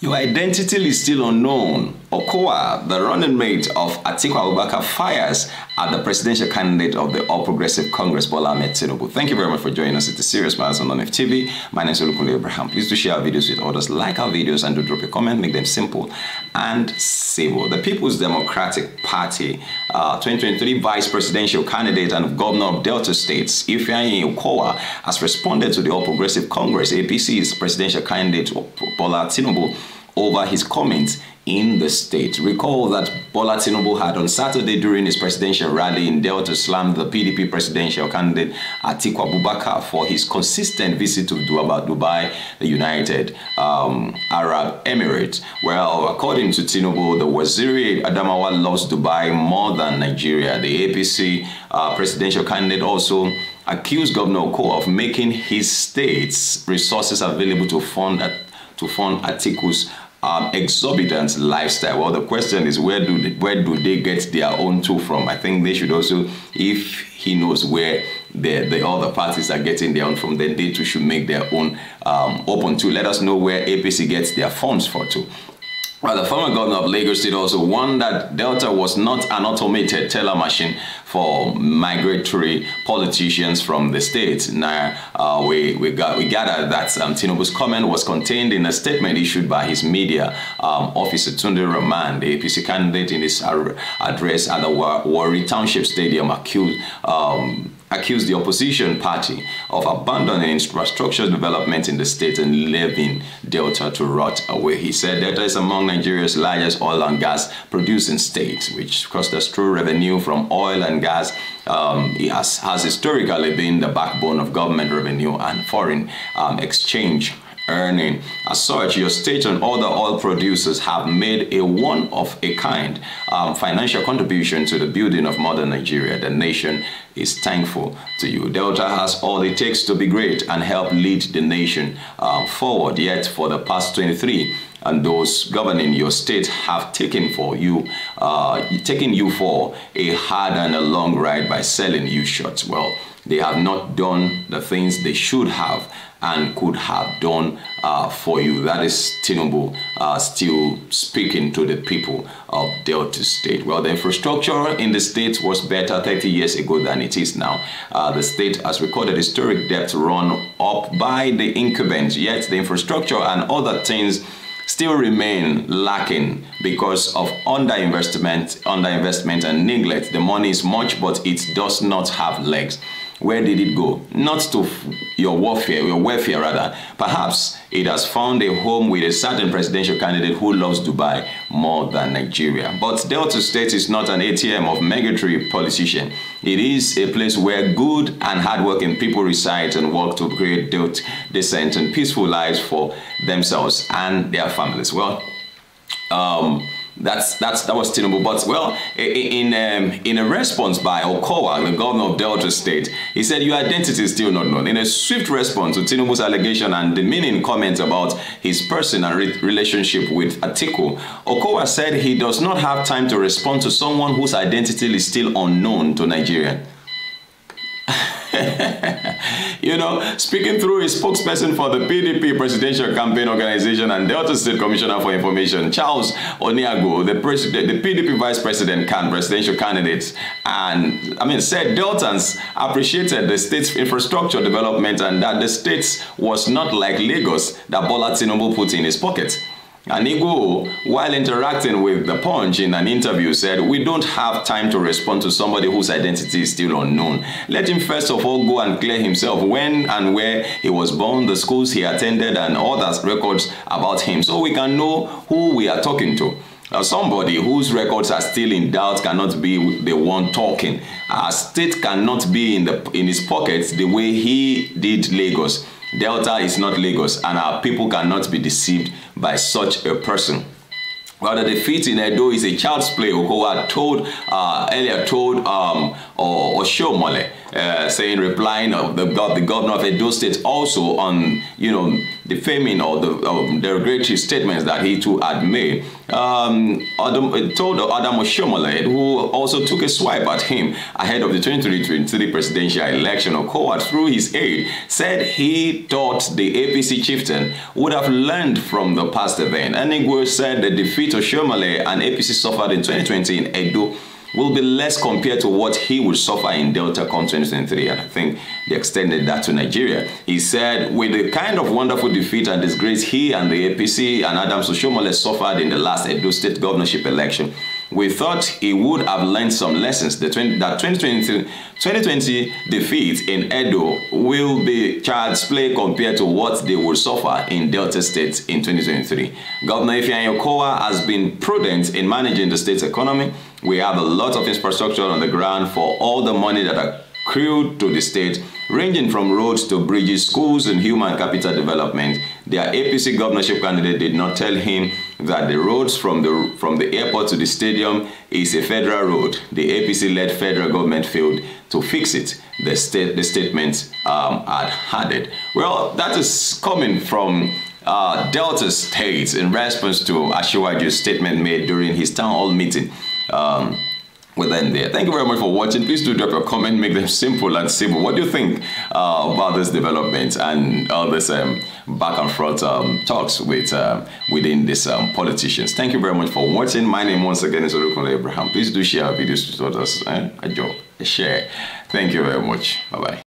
Your identity is still unknown. Okoa, the running mate of Atiku Abubakar, fires at the presidential candidate of the All Progressive Congress, Bola Ahmed Tinubu. Thank you very much for joining us at the Serious Matters on FTV. My name is Olukunle Abraham. Please do share our videos with others, like our videos, and do drop a comment. Make them simple and civil. The People's Democratic Party uh, 2023 vice presidential candidate and governor of Delta States, Ifeanyi Okoa, has responded to the All Progressive Congress, APC's presidential candidate, Bola Tinubu over his comments in the state. Recall that Bola Tinubu had on Saturday during his presidential rally in Delta slammed the PDP presidential candidate Atiku Abubakar for his consistent visit to Dubai, the United um, Arab Emirates. Well, according to Tinubu, the Waziri Adamawa loves Dubai more than Nigeria. The APC uh, presidential candidate also accused Governor Oko of making his state's resources available to fund, to fund Atiku's um, exorbitant lifestyle. Well, the question is where do they, where do they get their own tool from? I think they should also, if he knows where the, the other parties are getting their own from, then they too should make their own um, open tool. Let us know where APC gets their funds for too. Well, the former governor of Lagos State also warned that Delta was not an automated teller machine for migratory politicians from the states. Now, uh, we, we, got, we gathered that um, Tinubu's comment was contained in a statement issued by his media um, officer, Tunde Rahman, the APC candidate in his address at the Warri Township Stadium, accused um, accused the opposition party of abandoning infrastructure development in the state and leaving Delta to rot away. He said Delta is among Nigeria's largest oil and gas producing states, which cost us true revenue from oil and gas gas um, has, has, historically been the backbone of government revenue and foreign um, exchange earning. As such, your state and other oil producers have made a one-of-a-kind um, financial contribution to the building of modern Nigeria. The nation is thankful to you. Delta has all it takes to be great and help lead the nation um, forward. Yet, for the past 23 and those governing your state have taken for you, uh, taken you for a hard and a long ride by selling you shots. Well, they have not done the things they should have and could have done uh, for you. That is Tinubu uh, still speaking to the people of Delta State. Well, the infrastructure in the state was better 30 years ago than it is now. Uh, the state has recorded historic debt run up by the incumbents. yet the infrastructure and other things still remain lacking because of underinvestment, underinvestment and neglect. The money is much, but it does not have legs. Where did it go? Not to your warfare, your welfare rather. Perhaps it has found a home with a certain presidential candidate who loves Dubai more than Nigeria. But Delta State is not an ATM of migratory politician. It is a place where good and hardworking people reside and work to create decent and peaceful lives for themselves and their families. Well, um, that's, that's, that was Tinubu. But, well, in, um, in a response by Okowa, the governor of Delta State, he said, your identity is still not known. In a swift response to Tinubu's allegation and demeaning comments about his person and re relationship with Atiku, Okowa said he does not have time to respond to someone whose identity is still unknown to Nigeria. you know, speaking through a spokesperson for the PDP Presidential Campaign Organization and Delta State Commissioner for Information, Charles Oniago, the, the PDP Vice President can presidential candidates, and I mean, said Deltans appreciated the state's infrastructure development and that the state was not like Lagos that Bola Tinubu put in his pocket. Anigo, while interacting with The Punch in an interview, said, We don't have time to respond to somebody whose identity is still unknown. Let him first of all go and clear himself when and where he was born, the schools he attended, and all that records about him so we can know who we are talking to. Now, somebody whose records are still in doubt cannot be the one talking. A state cannot be in, the, in his pockets the way he did Lagos. Delta is not Lagos, and our people cannot be deceived by such a person. Rather, the defeat in Edo is a child's play. Okoa told uh, earlier told um, or Shomole, uh, saying, replying of the, the governor of Edo State also on, you know, defaming or the um, derogatory statements that he too had made, um, Adam, uh, told Adam Shomole, who also took a swipe at him ahead of the 2023 presidential election of court through his aide, said he thought the APC chieftain would have learned from the past event. And Igwe said the defeat of Shomole and APC suffered in 2020 in Edo will be less compared to what he will suffer in Delta Com 2023. And I think they extended that to Nigeria. He said, with the kind of wonderful defeat and disgrace he and the APC and Adam Soshomole suffered in the last Edo State governorship election, we thought he would have learned some lessons. The 20, that 2020, 2020 defeat in Edo will be child's play compared to what they will suffer in Delta State in 2023. Governor Ifeanyi Okowa has been prudent in managing the state's economy. We have a lot of infrastructure on the ground for all the money that are crude to the state, ranging from roads to bridges, schools and human capital development. Their APC governorship candidate did not tell him that the roads from the, from the airport to the stadium is a federal road. The APC-led federal government failed to fix it, the, state, the statement um, had added. Well, that is coming from uh, Delta State in response to Ashiwaju's statement made during his town hall meeting. Um, we'll end there. Thank you very much for watching. Please do drop your comment, make them simple and simple. What do you think uh, about this development and all this um, back and forth um, talks with uh, within these um, politicians? Thank you very much for watching. My name once again is Olukunle Abraham. Please do share our videos with others. Eh? A job, a share. Thank you very much. Bye-bye.